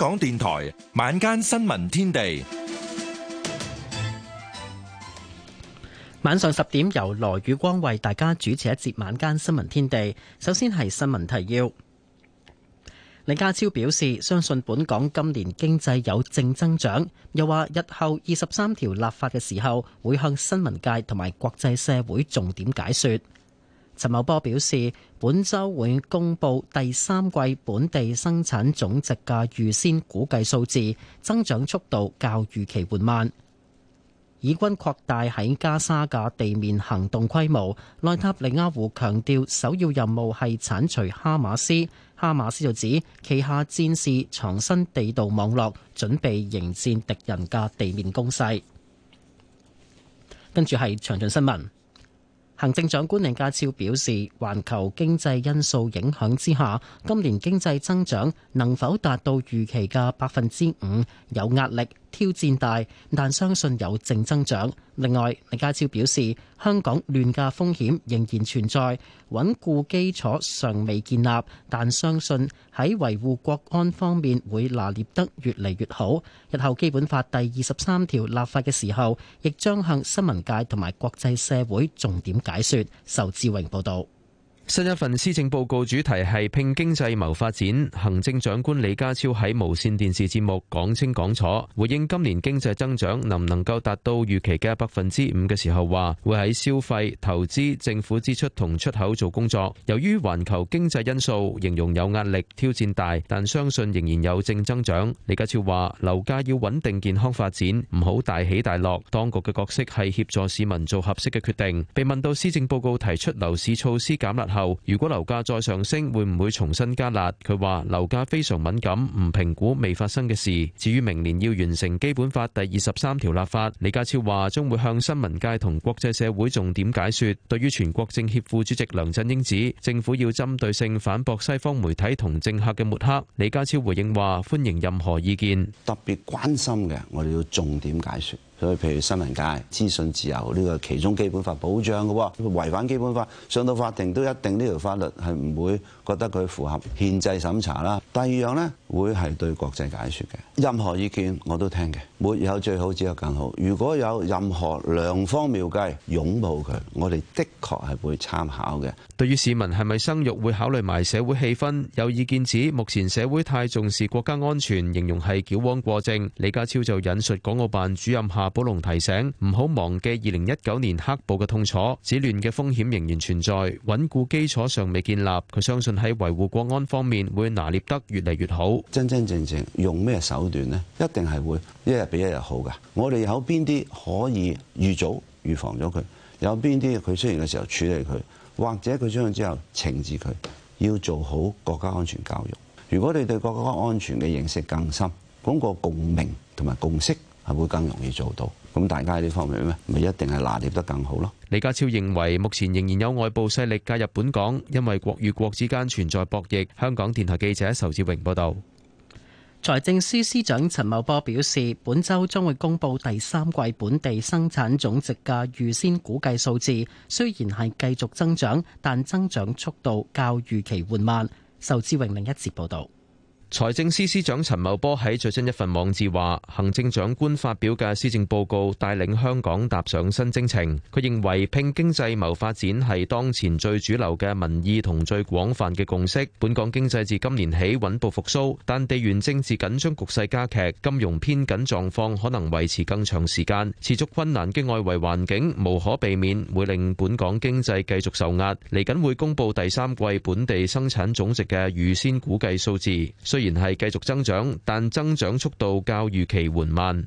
港電台晚間新聞天地，晚上十點由羅宇光為大家主持一節晚間新聞天地。首先係新聞提要，李家超表示相信本港今年經濟有正增長，又話日後二十三條立法嘅時候會向新聞界同埋國際社會重點解說。陳茂波表示，本周會公布第三季本地生產總值嘅預先估計數字，增長速度較預期緩慢。以軍擴大喺加沙嘅地面行動規模，內塔尼亞胡強調首要任務係鏟除哈馬斯。哈馬斯就指旗下戰士藏身地道網絡，準備迎戰敵人嘅地面攻勢。跟住係詳盡新聞。行政長官李家超表示，環球經濟因素影響之下，今年經濟增長能否達到預期嘅百分之五，有壓力。挑戰大，但相信有正增長。另外，李家超表示，香港亂價風險仍然存在，穩固基礎尚未建立，但相信喺維護國安方面會拿捏得越嚟越好。日後基本法第二十三條立法嘅時候，亦將向新聞界同埋國際社會重點解說。仇志榮報道。新一份施政報告主題係拼經濟謀發展。行政長官李家超喺無綫電視節目講清講楚，回應今年經濟增長能唔能夠達到預期嘅百分之五嘅時候，話會喺消費、投資、政府支出同出口做工作。由於環球經濟因素，形容有壓力、挑戰大，但相信仍然有正增長。李家超話：樓價要穩定健康發展，唔好大起大落。當局嘅角色係協助市民做合適嘅決定。被問到施政報告提出樓市措施減壓，如果樓價再上升，會唔會重新加辣？佢話樓價非常敏感，唔評估未發生嘅事。至於明年要完成基本法第二十三條立法，李家超話將會向新聞界同國際社會重點解説。對於全國政協副主席梁振英指政府要針對性反駁西方媒體同政客嘅抹黑，李家超回應話歡迎任何意見，特別關心嘅，我哋要重點解説。所以，譬如新聞界、資訊自由呢個其中基本法保障嘅喎，違反基本法上到法庭都一定呢條法律係唔會覺得佢符合憲制審查啦。第二樣呢，會係對國際解說嘅，任何意見我都聽嘅，沒有最好，只有更好。如果有任何良方妙計，擁抱佢，我哋的確係會參考嘅。對於市民係咪生育會考慮埋社會氣氛？有意見指目前社會太重視國家安全，形容係矯枉過正。李家超就引述港澳辦主任夏寶龍提醒：唔好忘記二零一九年黑暴嘅痛楚，指亂嘅風險仍然存在，穩固基礎尚未建立。佢相信喺維護國安方面會拿捏得越嚟越好。真真正正用咩手段呢？一定係會一日比一日好㗎。我哋有邊啲可以預早預防咗佢？有邊啲佢出現嘅時候處理佢？或者佢出去之後懲治佢，要做好國家安全教育。如果你對國家安全嘅認識更深，嗰個共鳴同埋共識係會更容易做到。咁大家喺呢方面咧，咪一定係拿捏得更好咯。李家超認為，目前仍然有外部勢力介入本港，因為國與國之間存在博弈。香港電台記者仇志榮報導。財政司司長陳茂波表示，本周將會公布第三季本地生產總值嘅預先估計數字，雖然係繼續增長，但增長速度較預期緩慢。壽志榮另一節報道。財政司司長陳茂波喺最新一份網誌話，行政長官發表嘅施政報告帶領香港踏上新征程。佢認為，拼經濟謀發展係當前最主流嘅民意同最廣泛嘅共識。本港經濟自今年起穩步復甦，但地緣政治緊張局勢加劇，金融偏緊狀況可能維持更長時間，持續困難嘅外圍環境無可避免會令本港經濟繼續受壓。嚟緊會公布第三季本地生產總值嘅預先估計數字。雖然係繼續增長，但增長速度較預期緩慢。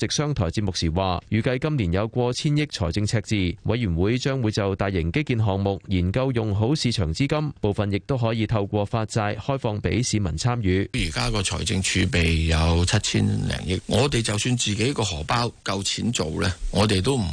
直商台節目時話，預計今年有過千億財政赤字，委員會將會就大型基建項目研究用好市場資金，部分亦都可以透過發債開放俾市民參與。而家個財政儲備有七千零億，我哋就算自己個荷包夠錢做呢我哋都唔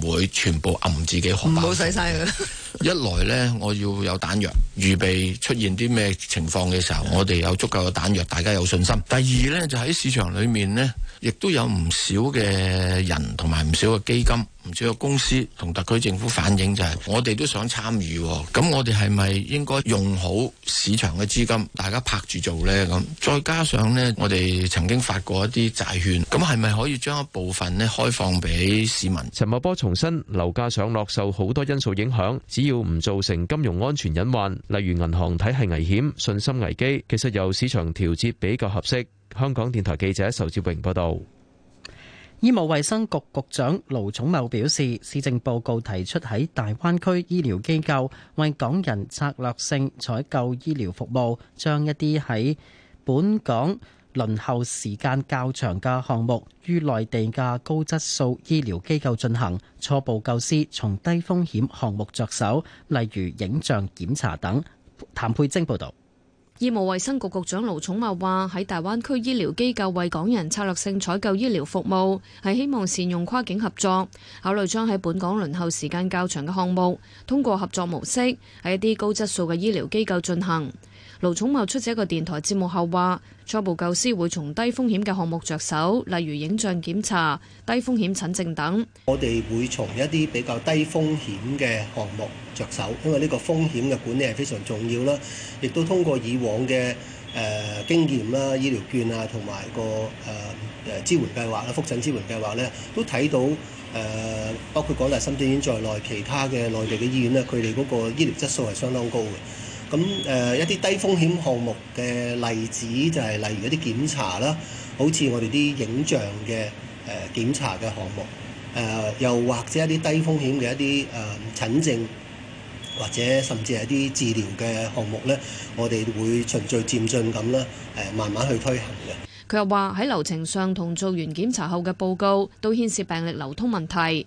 會全部暗自己荷包,包。唔好使晒佢 一來呢，我要有彈藥，預備出現啲咩情況嘅時候，我哋有足夠嘅彈藥，大家有信心。第二呢，就喺市場裏面呢，亦都有唔少嘅人同埋唔少嘅基金、唔少嘅公司同特區政府反映、就係，就係我哋都想參與。咁我哋係咪應該用好市場嘅資金，大家拍住做呢？咁再加上呢，我哋曾經發過一啲債券，咁係咪可以將一部分呢開放俾市民？陳茂波重申樓價上落受好多因素影響。要唔造成金融安全隱患，例如銀行體係危險、信心危機，其實由市場調節比較合適。香港電台記者仇志榮報道。醫務衛生局局長盧寵茂表示，施政報告提出喺大灣區醫療機構為港人策略性採購醫療服務，將一啲喺本港。輪候時間較長嘅項目，於內地嘅高質素醫療機構進行初步構思，從低風險項目着手，例如影像檢查等。譚佩晶報導。醫務衛生局局長盧寵茂話：喺大灣區醫療機構為港人策略性採購醫療服務，係希望善用跨境合作，考慮將喺本港輪候時間較長嘅項目，通過合作模式喺一啲高質素嘅醫療機構進行。盧寵茂出席一個電台節目後話：初步構思會從低風險嘅項目着手，例如影像檢查、低風險診症等。我哋會從一啲比較低風險嘅項目着手，因為呢個風險嘅管理係非常重要啦。亦都通過以往嘅誒、呃、經驗啦、醫療券啊同埋個誒誒、呃、支援計劃啦、複診支援計劃咧，都睇到誒、呃、包括港大深圳醫院在內，其他嘅內地嘅醫院咧，佢哋嗰個醫療質素係相當高嘅。咁誒一啲低風險項目嘅例子就係例如一啲檢查啦，好似我哋啲影像嘅誒檢查嘅項目，誒又或者一啲低風險嘅一啲誒診症，或者甚至係一啲治療嘅項目咧，我哋會循序漸進咁啦，誒慢慢去推行嘅。佢又話喺流程上同做完檢查後嘅報告都牽涉病歷流通問題。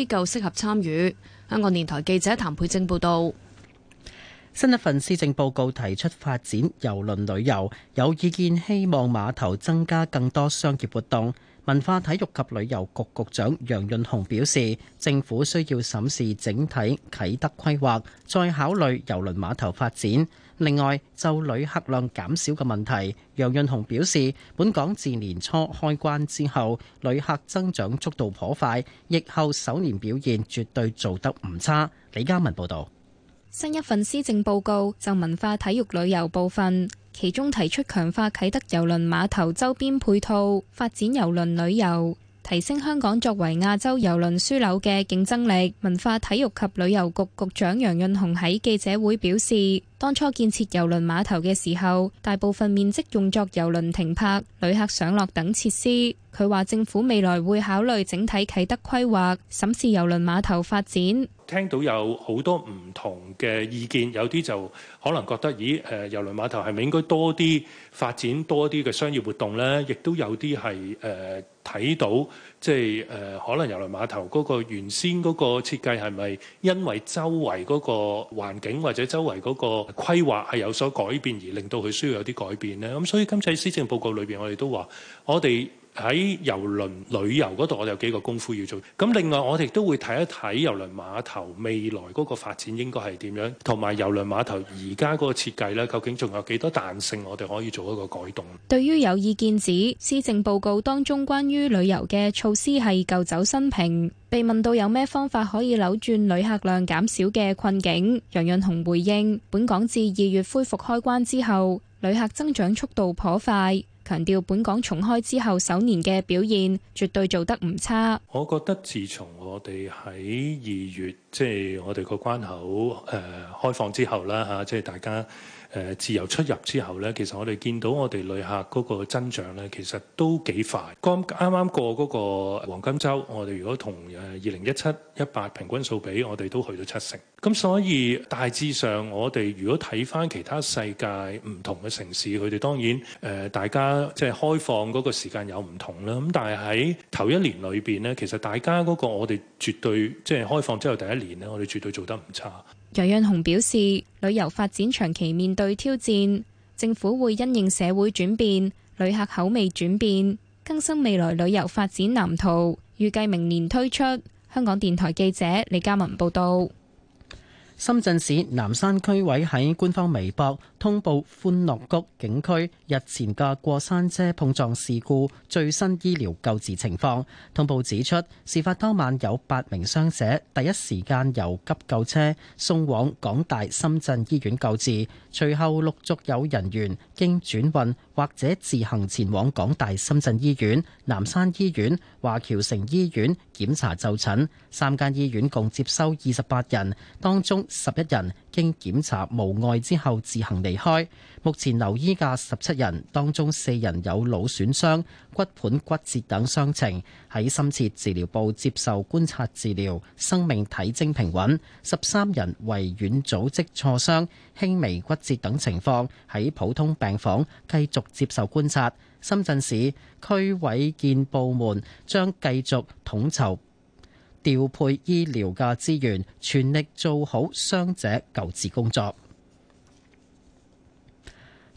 機構適合參與。香港電台記者譚佩正報道，新一份施政報告提出發展郵輪旅遊，有意見希望碼頭增加更多商業活動。文化體育及旅遊局局長楊潤雄表示，政府需要審視整體啟德規劃，再考慮郵輪碼頭發展。另外，就旅客量減少嘅問題，楊潤雄表示，本港自年初開關之後旅客增長速度頗快，疫後首年表現絕對做得唔差。李嘉文報道。新一份施政報告就文化、體育、旅遊部分，其中提出強化啟德郵輪碼頭周邊配套，發展郵輪旅遊。提升香港作為亞洲郵輪樞紐嘅競爭力，文化體育及旅遊局局長楊潤雄喺記者會表示，當初建設郵輪碼頭嘅時候，大部分面積用作郵輪停泊、旅客上落等設施。佢話政府未來會考慮整體啟德規劃，審視郵輪碼頭發展。聽到有好多唔同嘅意見，有啲就可能覺得，咦？誒，郵輪碼頭係咪應該多啲發展多啲嘅商業活動咧？亦都有啲係誒睇到，即係誒、呃、可能郵輪碼頭嗰個原先嗰個設計係咪因為周圍嗰個環境或者周圍嗰個規劃係有所改變而令到佢需要有啲改變咧？咁、嗯、所以今次施政報告裏邊，我哋都話我哋。喺郵輪旅遊嗰度，我哋有幾個功夫要做。咁另外，我哋都會睇一睇郵輪碼頭未來嗰個發展應該係點樣，同埋郵輪碼頭而家嗰個設計呢，究竟仲有幾多彈性，我哋可以做一個改動。對於有意見指施政報告當中關於旅遊嘅措施係舊酒新瓶，被問到有咩方法可以扭轉旅客量減少嘅困境，楊潤雄回應：本港自二月恢復開關之後，旅客增長速度頗快。強調本港重開之後首年嘅表現絕對做得唔差。我覺得自從我哋喺二月即係、就是、我哋個關口誒、呃、開放之後啦吓，即、啊、係、就是、大家。誒自由出入之後呢，其實我哋見到我哋旅客嗰個增長呢，其實都幾快。剛啱啱過嗰個黃金週，我哋如果同誒二零一七一八平均數比，我哋都去到七成。咁所以大致上，我哋如果睇返其他世界唔同嘅城市，佢哋當然誒、呃、大家即係開放嗰個時間有唔同啦。咁但係喺頭一年裏邊呢，其實大家嗰個我哋絕對即係、就是、開放之後第一年呢，我哋絕對做得唔差。楊潤雄表示，旅遊發展長期面對挑戰，政府會因應社會轉變、旅客口味轉變，更新未來旅遊發展藍圖。預計明年推出。香港電台記者李嘉文報道。深圳市南山區委喺官方微博。通報歡樂谷景區日前嘅過山車碰撞事故最新醫療救治情況。通報指出，事發當晚有八名傷者第一時間由急救車送往港大深圳醫院救治，隨後陸續有人員經轉運或者自行前往港大深圳醫院、南山醫院、華僑城醫院檢查就診，三間醫院共接收二十八人，當中十一人，經檢查無礙之後自行離開。目前留醫嘅十七人當中，四人有腦損傷、骨盆骨折等傷情，喺深切治療部接受觀察治療，生命體徵平穩；十三人為軟組織挫傷、輕微骨折等情況，喺普通病房繼續接受觀察。深圳市區衛健部門將繼續統籌。調配醫療嘅資源，全力做好傷者救治工作。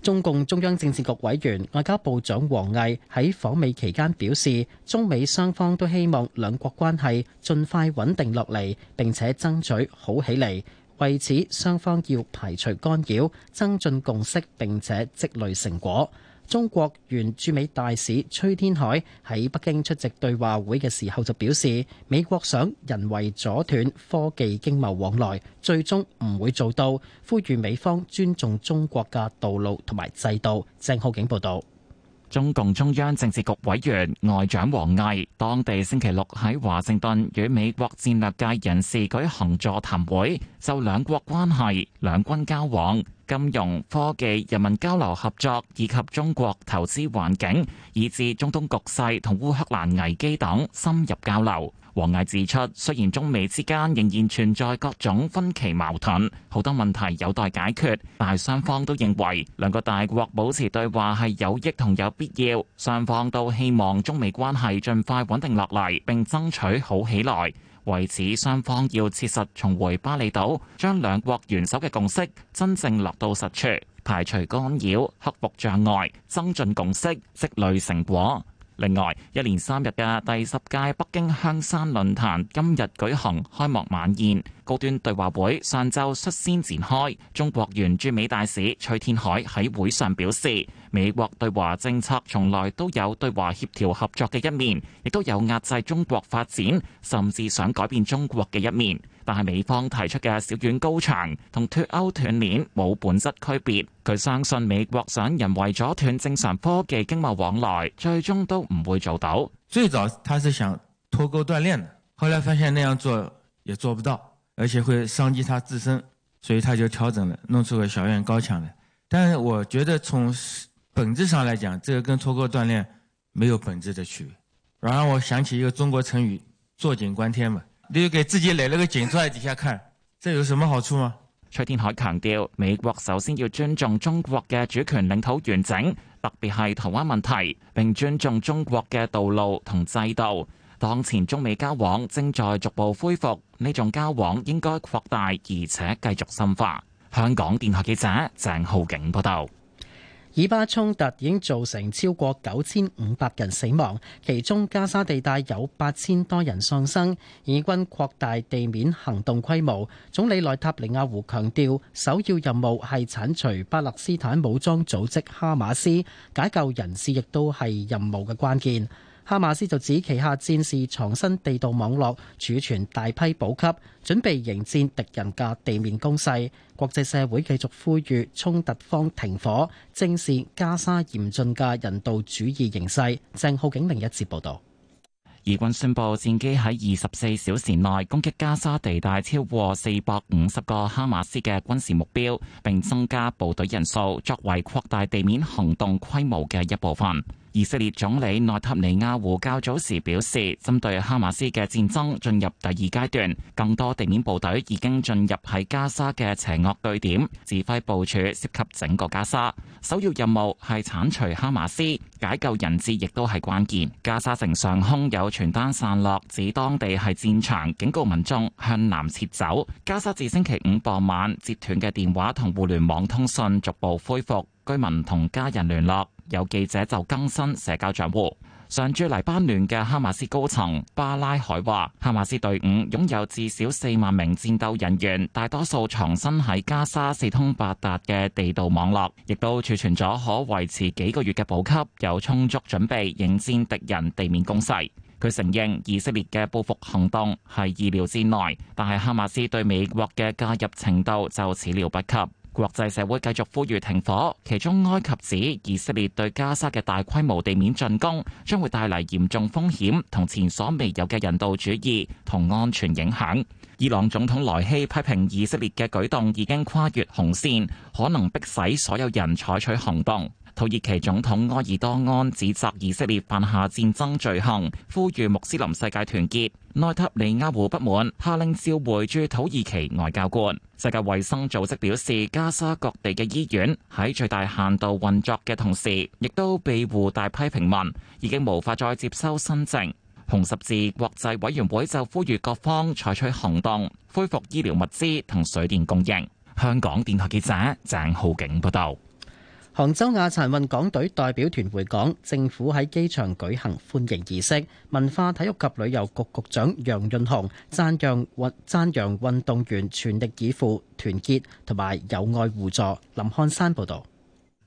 中共中央政治局委員、外交部長王毅喺訪美期間表示，中美雙方都希望兩國關係盡快穩定落嚟，並且爭取好起嚟。為此，雙方要排除干擾，增進共識，並且積累成果。中國原駐美大使崔天凱喺北京出席對話會嘅時候就表示，美國想人為阻斷科技經貿往來，最終唔會做到，呼籲美方尊重中國嘅道路同埋制度。鄭浩景報道。中共中央政治局委員外長王毅，當地星期六喺華盛頓與美國戰略界人士舉行座談會，就兩國關係、兩軍交往、金融、科技、人民交流合作，以及中國投資環境，以至中東局勢同烏克蘭危機等深入交流。王毅指出，雖然中美之間仍然存在各種分歧矛盾，好多問題有待解決，但係雙方都認為兩個大國保持對話係有益同有必要。雙方都希望中美關係盡快穩定落嚟並爭取好起來。為此，雙方要切實重回巴厘島，將兩國元首嘅共識真正落到實處，排除干擾，克服障礙，增進共識，積累成果。另外，一連三日嘅第十屆北京香山論壇今日舉行開幕晚宴，高端對話會上晝率先展開。中國原駐美大使崔天凱喺會上表示，美國對華政策從來都有對華協調合作嘅一面，亦都有壓制中國發展，甚至想改變中國嘅一面。但係美方提出嘅小院高牆同脫鈎斷鏈冇本質區別。佢相信美國想人為咗斷正常科技經貿往來，最終都唔會做到。最早他是想脫鈎斷鏈的，後來發現那樣做也做不到，而且會傷及他自身，所以他就調整了，弄出個小院高牆來。但係我覺得從本質上來講，這個跟脫鈎斷鏈沒有本質的區別。然後我想起一個中國成語，坐井觀天嘛。你又給自己攞了個鏡坐喺底下看，這有什麼好處嗎？崔天凱強調，美國首先要尊重中國嘅主權領土完整，特別係台灣問題，並尊重中國嘅道路同制度。當前中美交往正在逐步恢復，呢種交往應該擴大而且繼續深化。香港電台記者鄭浩景報道。以巴衝突已經造成超過九千五百人死亡，其中加沙地帶有八千多人喪生。以軍擴大地面行動規模，總理內塔尼亞胡強調，首要任務係剷除巴勒斯坦武裝組織哈馬斯，解救人質亦都係任務嘅關鍵。哈馬斯就指旗下戰士藏身地道網絡，儲存大批補給，準備迎戰敵人嘅地面攻勢。國際社會繼續呼籲衝突方停火，正視加沙嚴峻嘅人道主義形勢。鄭浩景另一節報導，以軍宣布戰機喺二十四小時內攻擊加沙地帶超過四百五十個哈馬斯嘅軍事目標，並增加部隊人數，作為擴大地面行動規模嘅一部分。以色列總理內塔尼亞胡較早時表示，針對哈馬斯嘅戰爭進入第二階段，更多地面部隊已經進入喺加沙嘅邪惡據點，指揮部署涉及整個加沙。首要任務係剷除哈馬斯，解救人質亦都係關鍵。加沙城上空有傳單散落，指當地係戰場，警告民眾向南撤走。加沙自星期五傍晚截斷嘅電話同互聯網通訊逐步恢復，居民同家人聯絡。有記者就更新社交賬戶。上住黎巴嫩嘅哈馬斯高層巴拉海話：哈馬斯隊伍擁有至少四萬名戰鬥人員，大多數藏身喺加沙四通八達嘅地道網絡，亦都儲存咗可維持幾個月嘅補給，有充足準備迎戰敵人地面攻勢。佢承認以色列嘅報復行動係意料之內，但係哈馬斯對美國嘅介入程度就始料不及。國際社會繼續呼籲停火，其中埃及指以色列對加沙嘅大規模地面進攻將會帶嚟嚴重風險，同前所未有嘅人道主義同安全影響。伊朗總統萊希批評以色列嘅舉動已經跨越紅線，可能迫使所有人採取行動。土耳其總統埃爾多安指責以色列犯下戰爭罪行，呼籲穆斯林世界團結。內塔尼亞胡不滿，下令召回駐土耳其外交官。世界衛生組織表示，加沙各地嘅醫院喺最大限度運作嘅同時，亦都庇護大批平民，已經無法再接收新症。紅十字國際委員會就呼籲各方採取行動，恢復醫療物資同水電供應。香港電台記者鄭浩景報道。杭州亞殘運港隊代表團回港，政府喺機場舉行歡迎儀式。文化、體育及旅遊局局長楊潤雄讚揚讚揚運動員全力以赴、團結同埋友愛互助。林漢山報導。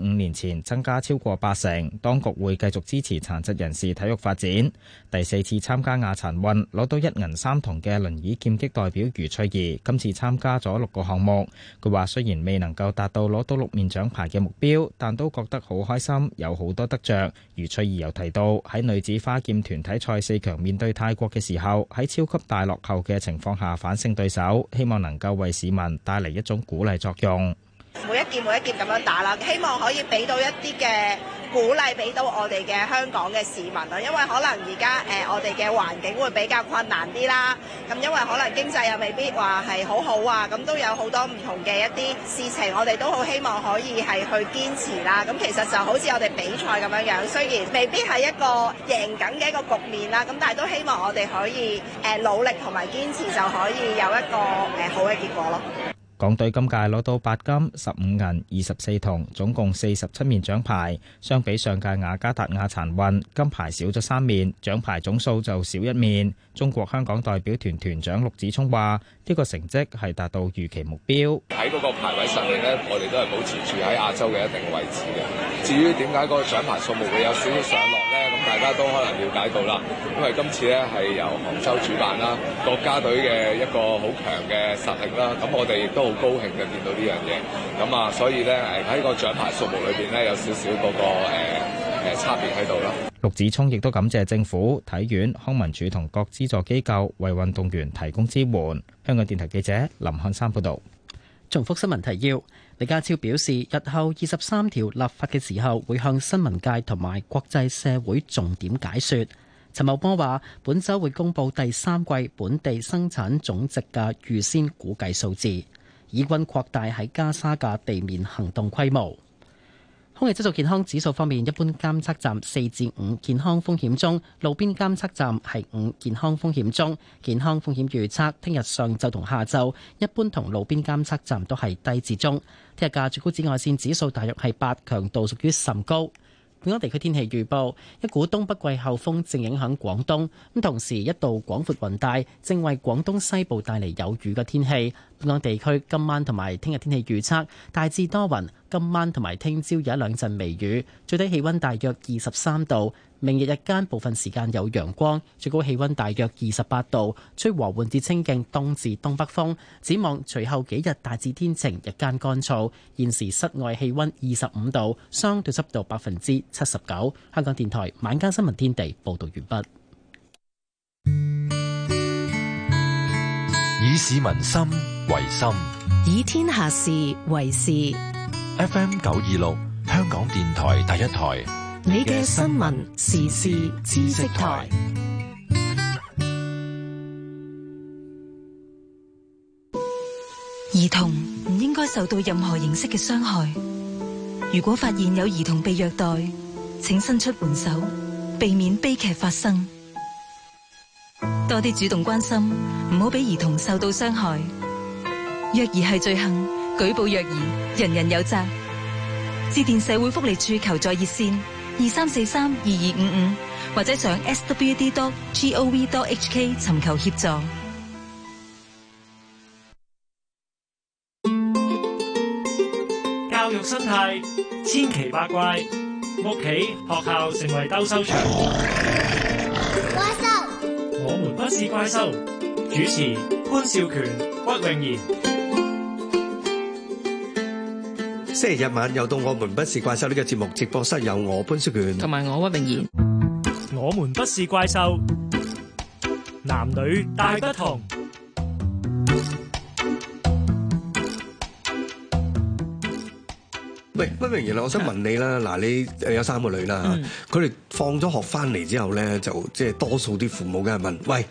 五年前增加超過八成，當局會繼續支持殘疾人士體育發展。第四次參加亞殘運攞到一銀三銅嘅輪椅劍擊代表余翠怡，今次參加咗六個項目。佢話雖然未能夠達到攞到六面獎牌嘅目標，但都覺得好開心，有好多得着。余翠怡又提到喺女子花劍團體賽四強面對泰國嘅時候，喺超級大落後嘅情況下反勝對手，希望能夠為市民帶嚟一種鼓勵作用。每一屆每一屆咁樣打啦，希望可以俾到一啲嘅鼓勵，俾到我哋嘅香港嘅市民啦。因為可能而家誒我哋嘅環境會比較困難啲啦，咁因為可能經濟又未必話係好好啊，咁都有好多唔同嘅一啲事情，我哋都好希望可以係去堅持啦。咁其實就好似我哋比賽咁樣樣，雖然未必係一個贏緊嘅一個局面啦，咁但係都希望我哋可以誒努力同埋堅持就可以有一個誒好嘅結果咯。港隊今屆攞到八金、十五銀、二十四銅，總共四十七面獎牌，相比上屆雅加達亞殘運，金牌少咗三面，獎牌總數就少一面。中國香港代表團團長陸子聰話：呢個成績係達到預期目標。睇個排位實力咧，我哋都係保持住喺亞洲嘅一定位置嘅。至於點解個獎牌數目會有少少上落咧？大家都可能瞭解到啦，因為今次咧係由杭州主辦啦，國家隊嘅一個好強嘅實力啦，咁我哋亦都好高興嘅見到呢樣嘢，咁啊，所以咧喺個獎牌數目裏邊咧有少少嗰個誒誒差別喺度啦。陸子聰亦都感謝政府、體院、康文署同各資助機構為運動員提供支援。香港電台記者林漢山報道。重複新聞提要。李家超表示，日後二十三條立法嘅時候，會向新聞界同埋國際社會重點解說。陳茂波話，本周會公布第三季本地生產總值嘅預先估計數字。以軍擴大喺加沙嘅地面行動規模。空氣質素健康指數方面，一般監測站四至五，健康風險中；路邊監測站係五，健康風險中。健康風險預測，聽日上晝同下晝，一般同路邊監測站都係低至中。聽日嘅最高紫外線指數大約係八，強度屬於甚高。本港地區天氣預報，一股東北季候風正影響廣東，咁同時一度廣闊雲帶正為廣東西部帶嚟有雨嘅天氣。香港地區今晚同埋聽日天氣預測大致多雲，今晚同埋聽朝有一兩陣微雨，最低氣溫大約二十三度。明日日間部分時間有陽光，最高氣溫大約二十八度，吹和緩至清勁東至東北風。展望隨後幾日大致天晴，日間乾燥。現時室外氣溫二十五度，相對濕度百分之七十九。香港電台晚間新聞天地報道完畢。以市民心，為心，以天下事為事。FM 九二六，香港電台第一台，你嘅新聞時事知識台。兒童唔應該受到任何形式嘅傷害。如果發現有兒童被虐待，請伸出援手，避免悲劇發生。多啲主動關心，唔好俾兒童受到傷害。若兒係罪行，舉報若兒，人人有責。致電社會福利處求助熱線二三四三二二五五，55, 或者上 swd.gov.hk 尋求協助。教育生態千奇百怪，屋企學校成為鬥獸場。怪獸塑，我們不是怪獸。主持潘少權、屈穎妍。星期日晚又到我們不是怪獸呢個節目，直播室有我潘叔權同埋我屈穎妍，我們不是怪獸，男女大不同。喂，屈穎妍啊，我想問你啦，嗱，你有三個女啦，佢哋放咗學翻嚟之後咧，就即係多數啲父母梗係問，喂，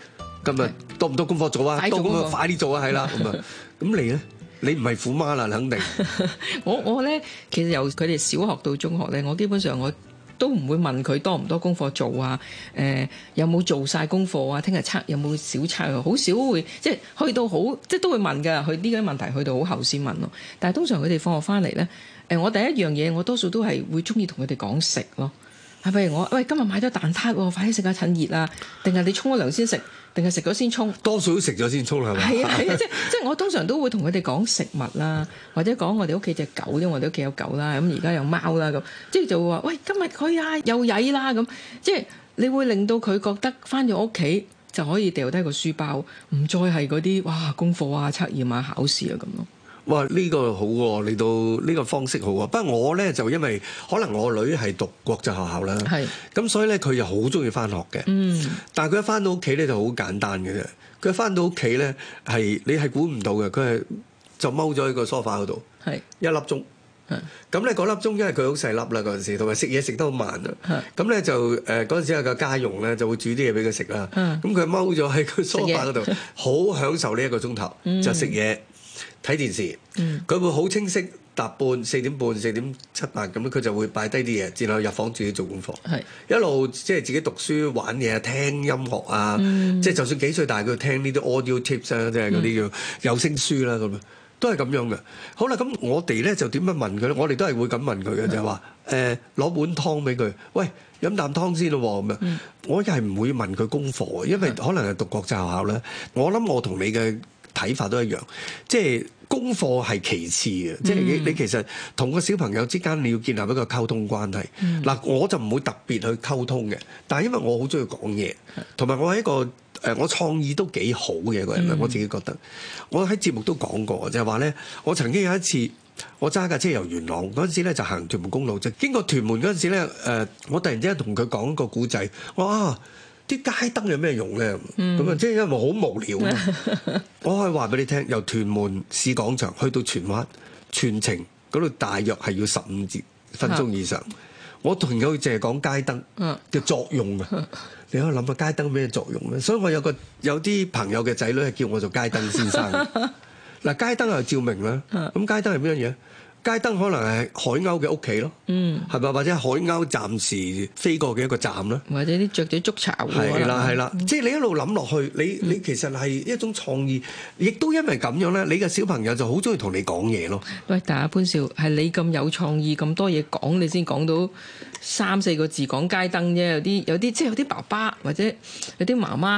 今日多唔多功課做啊？多功課快啲做啊，係啦，咁啊，咁你咧？你唔係虎媽啦，肯定。 我我咧，其實由佢哋小學到中學咧，我基本上我都唔會問佢多唔多功課做啊，誒、呃、有冇做晒功課啊，聽日測有冇小測啊，好少會即係去到好即係都會問㗎。佢啲嗰啲問題去到好後先問咯。但係通常佢哋放學翻嚟咧，誒我第一樣嘢我多數都係會中意同佢哋講食咯。啊，譬如我，喂，今日買咗蛋撻喎，快啲食下趁熱啦，啊！定係你沖咗涼先食，定係食咗先沖？多數都食咗先沖係咪？係啊，係啊， 即即我通常都會同佢哋講食物啦，或者講我哋屋企隻狗，因為我哋屋企有狗啦，咁而家有貓啦，咁即係就會話，喂，今日佢啊又曳啦咁，即係你會令到佢覺得返咗屋企就可以掉低個書包，唔再係嗰啲哇功課啊、測驗啊、考試啊咁咯。哇！呢個好喎，你都呢個方式好喎、啊。不過我咧就因為可能我女係讀國際學校啦是，咁所以咧佢就好中意翻學嘅、嗯。但係佢一翻到屋企咧就好簡單嘅啫。佢一翻到屋企咧係你係估唔到嘅，佢係就踎咗喺個梳化嗰度，一粒鐘是。咁咧嗰粒鐘因為佢好細粒啦嗰陣時是，同埋食嘢食得好慢啊。咁咧就誒嗰陣時有個家傭咧就會煮啲嘢俾佢食啊。咁佢踎咗喺個梳化嗰度，好享受呢一個鐘頭就食嘢。睇電視，佢會好清晰，搭半四點半、四點七八咁樣，佢就會擺低啲嘢，之後入房自己做功課，是一路即係自己讀書、玩嘢、聽音樂啊，嗯、即係就算幾歲大，佢聽呢啲 audio tips 啊，即係嗰啲叫有聲書啦，咁樣都係咁樣嘅。好啦，咁我哋咧就點樣問佢咧？我哋都係會咁問佢嘅，就係話誒，攞、呃、碗湯俾佢，喂，飲啖湯先咯，咁樣。是我係唔會問佢功課，因為可能係讀國際學校啦。我諗我同你嘅。睇法都一樣，即係功課係其次嘅，嗯、即係你你其實同個小朋友之間你要建立一個溝通關係。嗱、嗯，我就唔會特別去溝通嘅，但係因為我好中意講嘢，同埋我係一個誒、呃，我創意都幾好嘅一個人，嗯、我自己覺得。我喺節目都講過，就係、是、話呢：「我曾經有一次我揸架車由元朗嗰陣時呢就行屯門公路啫，就是、經過屯門嗰陣時呢、呃、我突然之間同佢講一個古仔，我、啊啲街燈有咩用咧？咁啊、嗯，即係因為好無聊 我可以話俾你聽，由屯門市廣場去到荃灣全程嗰度大約係要十五至分鐘以上。是我同佢淨係講街燈嘅作用啊！ 你可以諗下街燈咩作用啊？所以我有個有啲朋友嘅仔女係叫我做街燈先生。嗱， 街燈又照明啦。咁 街燈係咩樣嘢？街燈可能係海鷗嘅屋企咯，嗯，係咪或者海鷗暫時飛過嘅一個站咯，或者啲雀仔捉巢係啦，係啦的，即係、嗯就是、你一路諗落去，你你其實係一種創意，嗯、亦都因為咁樣咧，你嘅小朋友就好中意同你講嘢咯。喂，但係、啊、潘少係你咁有創意，咁多嘢講，你先講到三四個字講街燈啫。有啲有啲即係有啲爸爸或者有啲媽媽係。